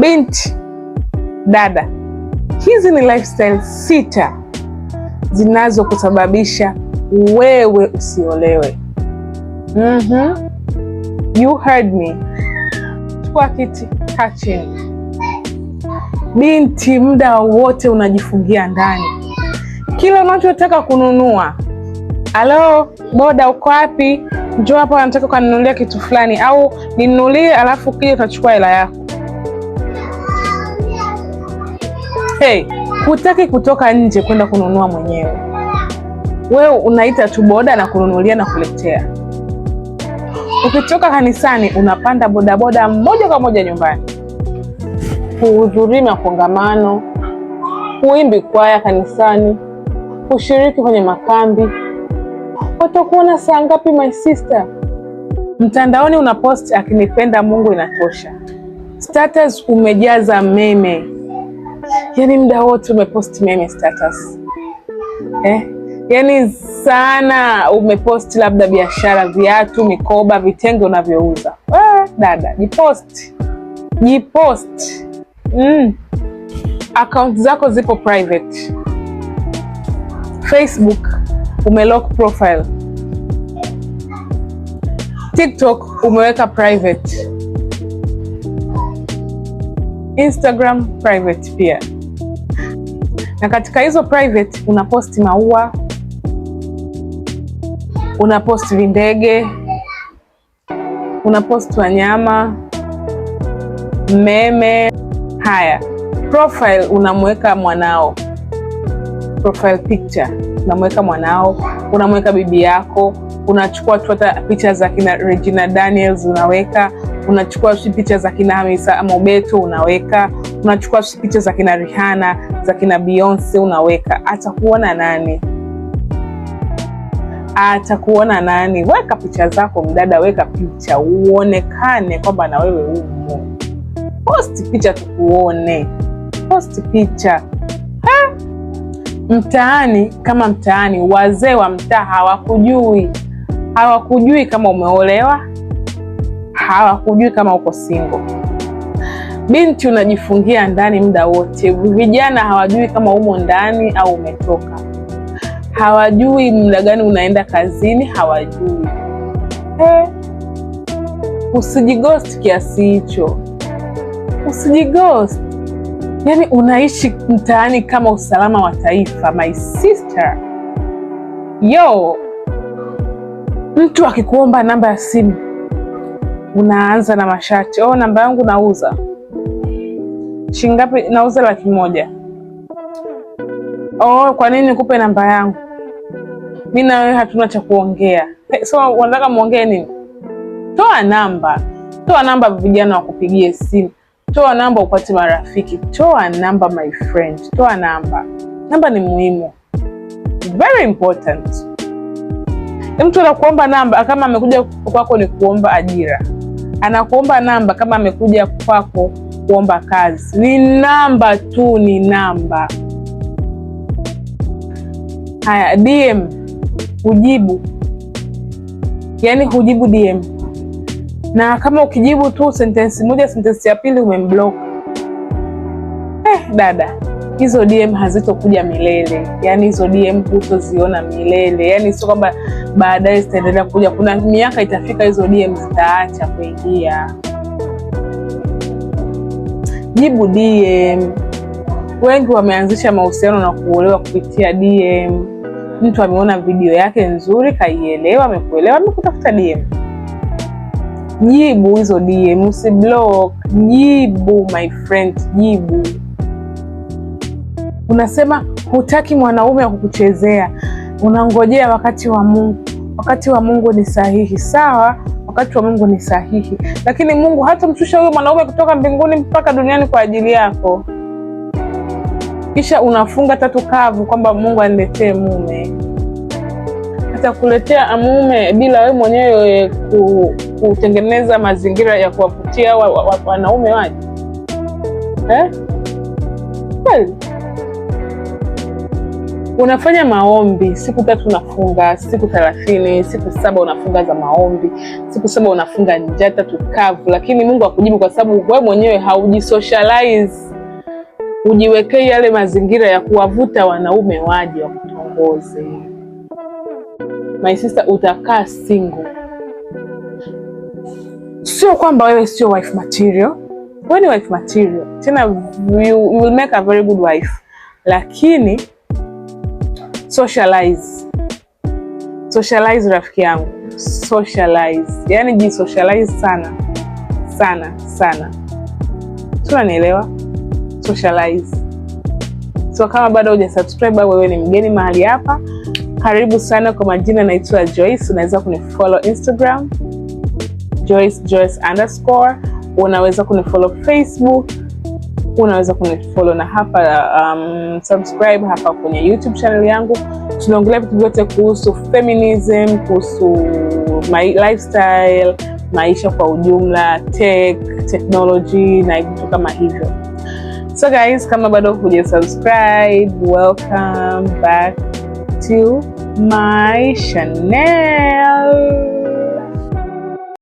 Binti, dada, hizi ni lifestyle sita zinazokusababisha wewe usiolewe. mm -hmm. You heard me. Chukua kiti, kaa chini. Binti, muda wote unajifungia ndani, kila unachotaka kununua, alo, boda, uko wapi? Njoo hapa, nataka ukanunulia kitu fulani, au ninunulie, alafu kile utachukua hela yako. Hey, hutaki kutoka nje kwenda kununua mwenyewe, wewe unaita tu boda na kununulia na kuletea. Ukitoka kanisani unapanda bodaboda moja kwa moja nyumbani. Huhudhurii makongamano, huimbi kwaya kanisani, hushiriki kwenye makambi. Watakuona saa ngapi, my sister? Mtandaoni unapost akinipenda Mungu inatosha, status umejaza meme yani muda wote umepost meme status eh? Yani sana umepost labda biashara, viatu, mikoba, vitenge unavyouza. Eh, dada jipost, jipost. Mm. Akaunti zako zipo private. Facebook umelock profile, TikTok umeweka private, Instagram private pia na katika hizo private una post maua, una post vindege, una post wanyama, meme. Haya, profile unamweka mwanao, profile picture unamweka mwanao, unamweka bibi yako, unachukua tu hata picha za kina Regina Daniels unaweka, unachukua picha za kina Hamisa Mobeto unaweka unachukua picha za kina Rihanna za kina Beyonce, unaweka atakuona nani? Atakuona nani? Weka picha zako mdada, weka picha uonekane kwamba na wewe umo. Posti picha tukuone, posti picha ha? Mtaani kama mtaani, wazee wa mtaa hawakujui, hawakujui kama umeolewa, hawakujui kama uko single. Binti unajifungia ndani muda wote. Vijana hawajui kama umo ndani au umetoka, hawajui muda gani unaenda kazini, hawajui eh. Usijigosti kiasi hicho, usijigosti. Yani unaishi mtaani kama usalama wa taifa, my sister. Yo, mtu akikuomba namba ya simu unaanza na masharti, oh, namba yangu nauza chingapi Nauza laki moja. Oh, kwa nini nikupe namba yangu? Mi na wewe hatuna cha kuongea. Hey, so unataka muongee nini? Toa namba, toa namba, vijana wakupigie simu, toa namba upate marafiki, toa namba my friend, toa namba. Namba ni muhimu, very important. Mtu anakuomba namba kama amekuja kwako ni kuomba ajira, anakuomba namba kama amekuja kwako kuomba kazi, ni namba tu, ni namba. Haya, DM hujibu, yaani hujibu DM, na kama ukijibu tu sentensi moja, sentensi ya pili umemblock. Eh, dada hizo DM hazitokuja milele, yaani hizo DM hutoziona milele, yaani sio kwamba baadaye zitaendelea kuja. Kuna miaka itafika hizo DM zitaacha kuingia jibu DM. Wengi wameanzisha mahusiano na kuolewa kupitia DM. Mtu ameona video yake nzuri, kaielewa, amekuelewa, amekutafuta DM. Jibu hizo DM, usiblock. Jibu my friend, jibu. Unasema hutaki mwanaume wa kukuchezea, unangojea wakati wa Mungu. Wakati wa Mungu ni sahihi, sawa wakati wa Mungu ni sahihi, lakini Mungu hatamshusha huyo mwanaume kutoka mbinguni mpaka duniani kwa ajili yako. Kisha unafunga tatu kavu kwamba Mungu aniletee mume. Atakuletea mume bila wewe mwenyewe kutengeneza mazingira ya kuwavutia wanaume wa, wa, wa, waje eh? unafanya maombi siku tatu, unafunga siku thelathini, siku saba unafunga za maombi, siku saba unafunga njaa tatu kavu, lakini Mungu akujibu kwa sababu wewe mwenyewe haujisocialize, hujiwekei yale mazingira ya kuwavuta wanaume waje wakutongoze. My sister, utakaa single. Sio kwamba wewe sio wife material, wewe ni wife material tena, you will make a very good wife, lakini socialize. Socialize rafiki yangu, socialize, yani ji socialize sana sana sana, tunanielewa? Socialize. So kama bado hujasubscribe au wewe ni mgeni mahali hapa, karibu sana. Kwa majina naitwa Joyce, unaweza kunifollow Instagram Joyce Joyce underscore, unaweza kunifollow Facebook unaweza kunifollow na hapa um, subscribe hapa kwenye YouTube channel yangu. Tunaongelea vitu vyote kuhusu feminism, kuhusu my lifestyle, maisha kwa ujumla, tech, technology na vitu kama hivyo. So guys, kama bado huja subscribe, welcome back to my channel.